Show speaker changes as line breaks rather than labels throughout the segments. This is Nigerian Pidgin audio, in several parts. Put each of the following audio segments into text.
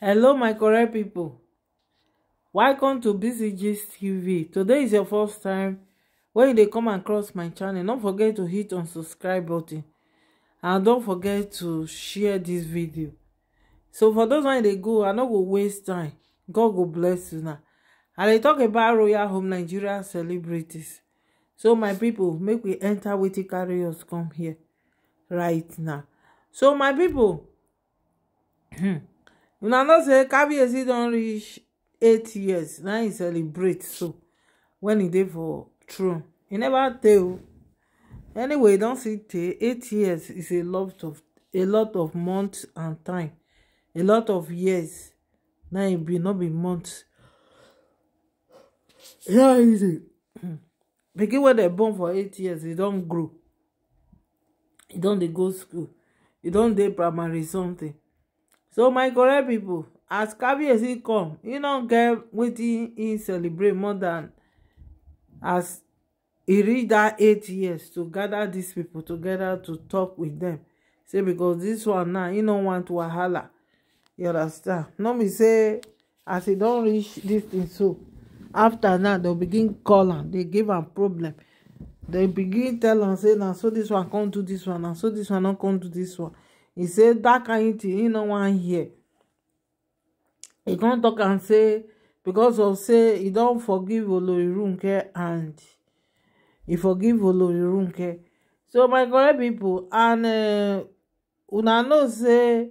hello my correct people welcome to BC tv today is your first time when they dey come across my channel don't forget to hit on subscribe button and don't forget to share this video so for those one they go i no go waste time god go bless you una i dey talk about royal home nigeria celebrities so my people make we enter with carry us come here right now so my people una know say kabiyesi don reach eight years na he celebrate so when he dey for throne he never tell. anyway e don see tey eight years is a lot of a lot of months and time a lot of years na e be no be months yeah easy pikin wey dem born for eight years e don grow e don dey go school e don dey primary something so my correct people, as kabiyesi come e don get wetin He celebrate more than as he reach that eight years to gather these people together to talk with them. say because this one now he no want wahala you understand no be say as he don reach this thing so after now they begin call am dey give am problem They begin tell am say na so this one come do this one na so this one no come do this one He said that kind thing e no wan hear He can't talk and say because of say he don't forgive olori and he forgive olori so my correct people and uh, una know say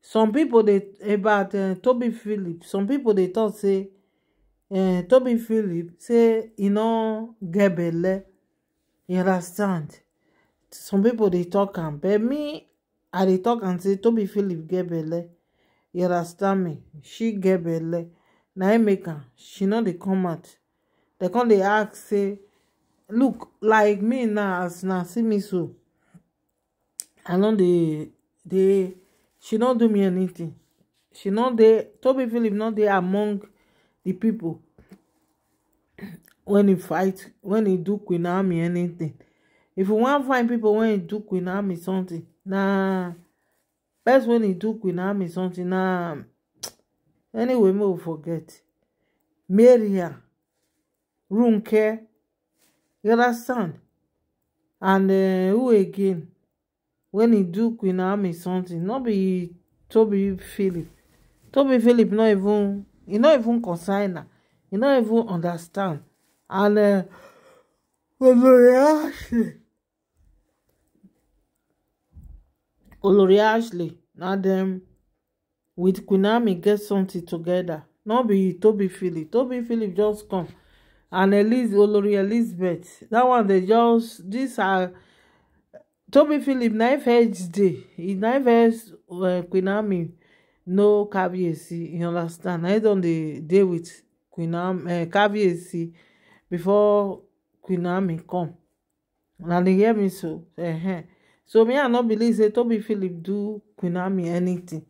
some people they about uh, toby philip some people they tok say uh, toby philip say e no get belle you understand some people they talk and but me i dey tok am say "Toby philip get belle you understand me she get belle na im make her. she no dey come out They come dey ask say look like me now as na see me so i know dey dey she no do me anything. she no dey Toby philip not dey among the people. When he fight when he do queen army anything. if you wan find people, when he do queen army something na first wen e do queen army something na anyway make we forget maria runke you understand and uh, who again wen e do queen army something no be toby philip toby philip no even e no even consign her e no even understand and uh, olori ashley olori ashley na dem wit queen get something together. no be toby philip toby philip just come and olori elizabeth That one dey just dis are toby philip na if age dey na if age uh, queen no caviarcy you understand na e don dey dey with queen uh, caviarcy before queen come na dey hear me so ehn uh-huh. so me i no believe say tobi philip do queen anything anytin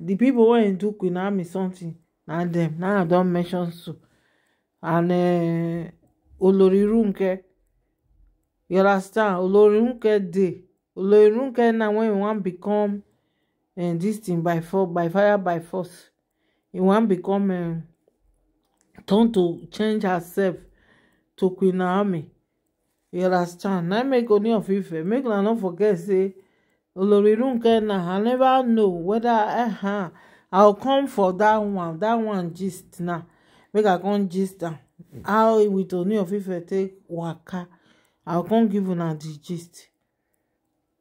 di pipo wey do queen something sometin na dem na i don mention so and uh, eh, olorirunke you understand olorirunke dey olorirunke na wen e wan become dis eh, thing by by fire by force e wan become eh, turn to change herself to queen naomi you understand eh? na make oni of ife make una no forget say olorirunke na i never know weda huh, i'll come for dat one dat one gist na make i come gist am how with oni of ife eh, take waka i'll come give una di gist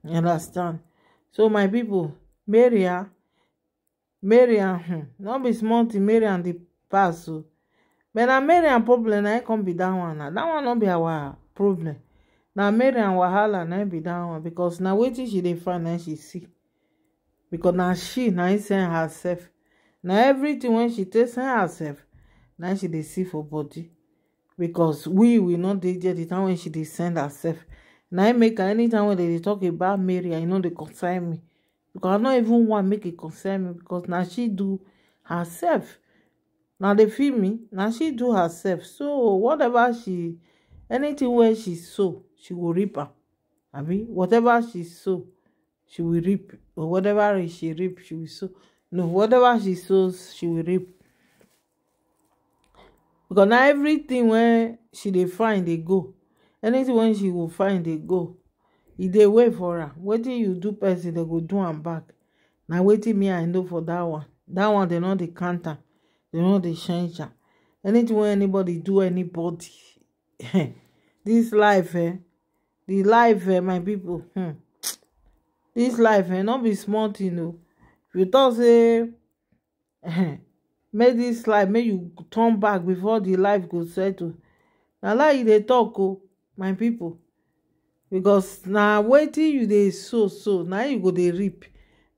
you understand so my pipo maria maria hmm, no be small tin maria dey pass o oh. but na maria problem na e come be dat one na dat one no be our problem na and wahala na be that one because na wetin she dey find na she see because na she na send herself na everything when she take send herself na she dey see for body because we we no dey get the time when she dey send herself na im make her anytime when they dey tok about mary i no dey concern me becos i no even want make e concern me because na she do herself na dey feel me na she do herself so whatever she anything wey she sow she go reap am abi whatever she sow she will reap or whatever she reap she will sow no whatever she sows she will reap because na everything wey she dey find dey go anything wey she go find dey go e dey wait for am wetin you do person dem go do am back na wetin me i know for that one That one dem no dey count am dem no dey change am anything wey anybody do anybody this life eh the life eh my people hmm. this life eh no be smart, you oh. know. if you talk say make this life make you turn back before the life go settle na lie they talk oh, my people because now waiting you they sow sow Now you go they reap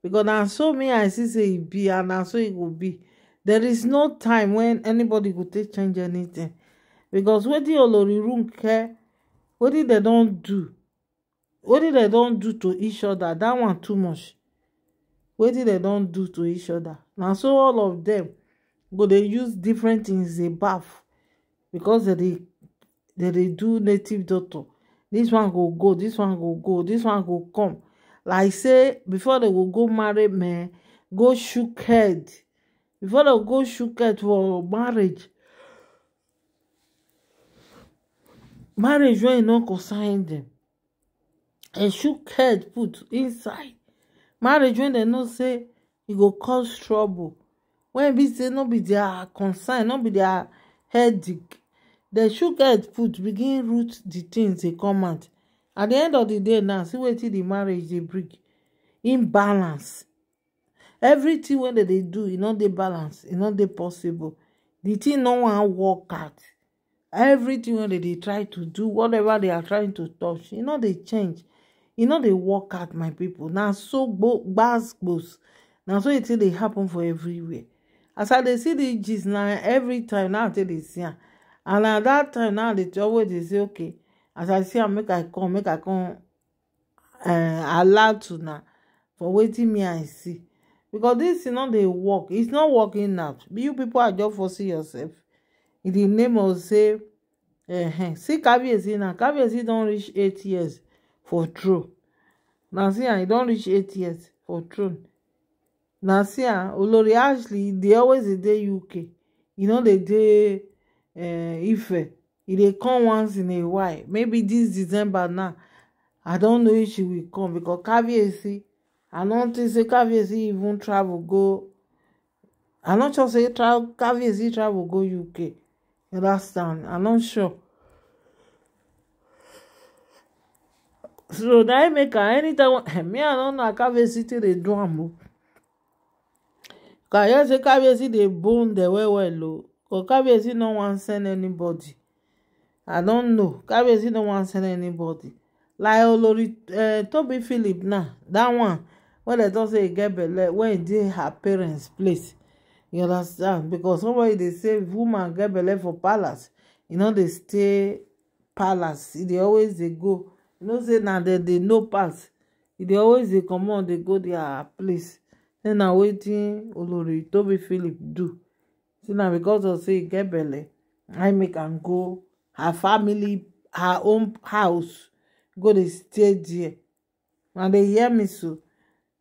because na so me i see say e be and na so it e will be there is no time when anybody could take change anything because wetin olorironke wetin dem don do wetin dem don do to each other That one too much wetin dem don do to each other na so all of dem go dey use different things dey baff because dem dey dem dey do native doctor this one go go this one go go this one go come like say before dem go go marry men go shook head before dem go shook head for marriage marriage wey e not concern them. dem shook head put inside marriage wey they not say it e go cause trouble When be say not be their concern not be their headache They shook head put begin root the things they come out at the end of the day now see wetin the marriage they bring imbalance everything when dem dey do e no dey balance e no dey possible The thing no one work out everything wey they try to do whatever they are trying to touch you e know they change You e know they work out my people now. so gbasgbos Now so e they happen for everywhere as i they see the gist na every time now i take see and at that time now i always They say okay as i see I make i come make i come eh, allowed to now for waiting me i see because this thing no they work its not working out you people are just forcing yourself in di name of say see kabeesi now kabeesi don reach eight years for true na see aa e don reach eight years for true na see olori ashley dey always dey uk e no dey dey eh, ife e dey come once in a while maybe dis december now i don know if she will come because kabeesi i no think say kabeesi even travel go i no sure say travel travel go uk. Yeah, that's down. I'm not sure. So that make her anytime eh, me I don't know I Kabiyesi till they do am o. Kabiyesi Kabiyesi the bone The way well low. But Kabiyesi no wan send anybody. I don't know. Kabiyesi no wan send anybody. Like Olori uh, Toby Philip now, nah, that one When dem don't say e get belle when e her parents place you understand because somebody they say if woman get belle for palace You know they stay palace They always they go you know say now they they no pass They always they come on they go their place say na wetin olori tobi philip do say na because of say e get belle na make and go her family her own house go dey stay there na dey hear me so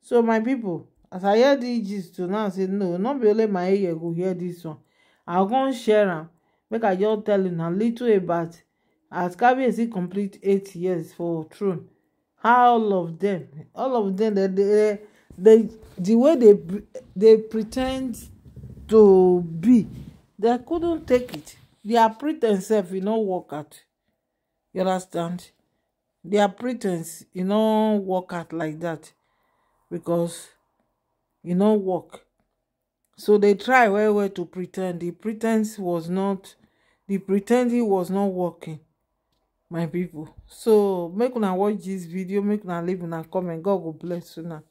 so my people as i hear this gist now. I say no not be only my ear go hear this one i con share them. make i just tell una little about as Kabi kabiyesi complete eight years for throne how all of them, all of dem they, they, dey the way they they pretend to be they couldn't take it their pretense sef e no work out you understand their pretense e no work out like that because e no work so they try well well to pretend the pretense was not the pretending was not working my people so make una watch this video make una leave una comment god go bless una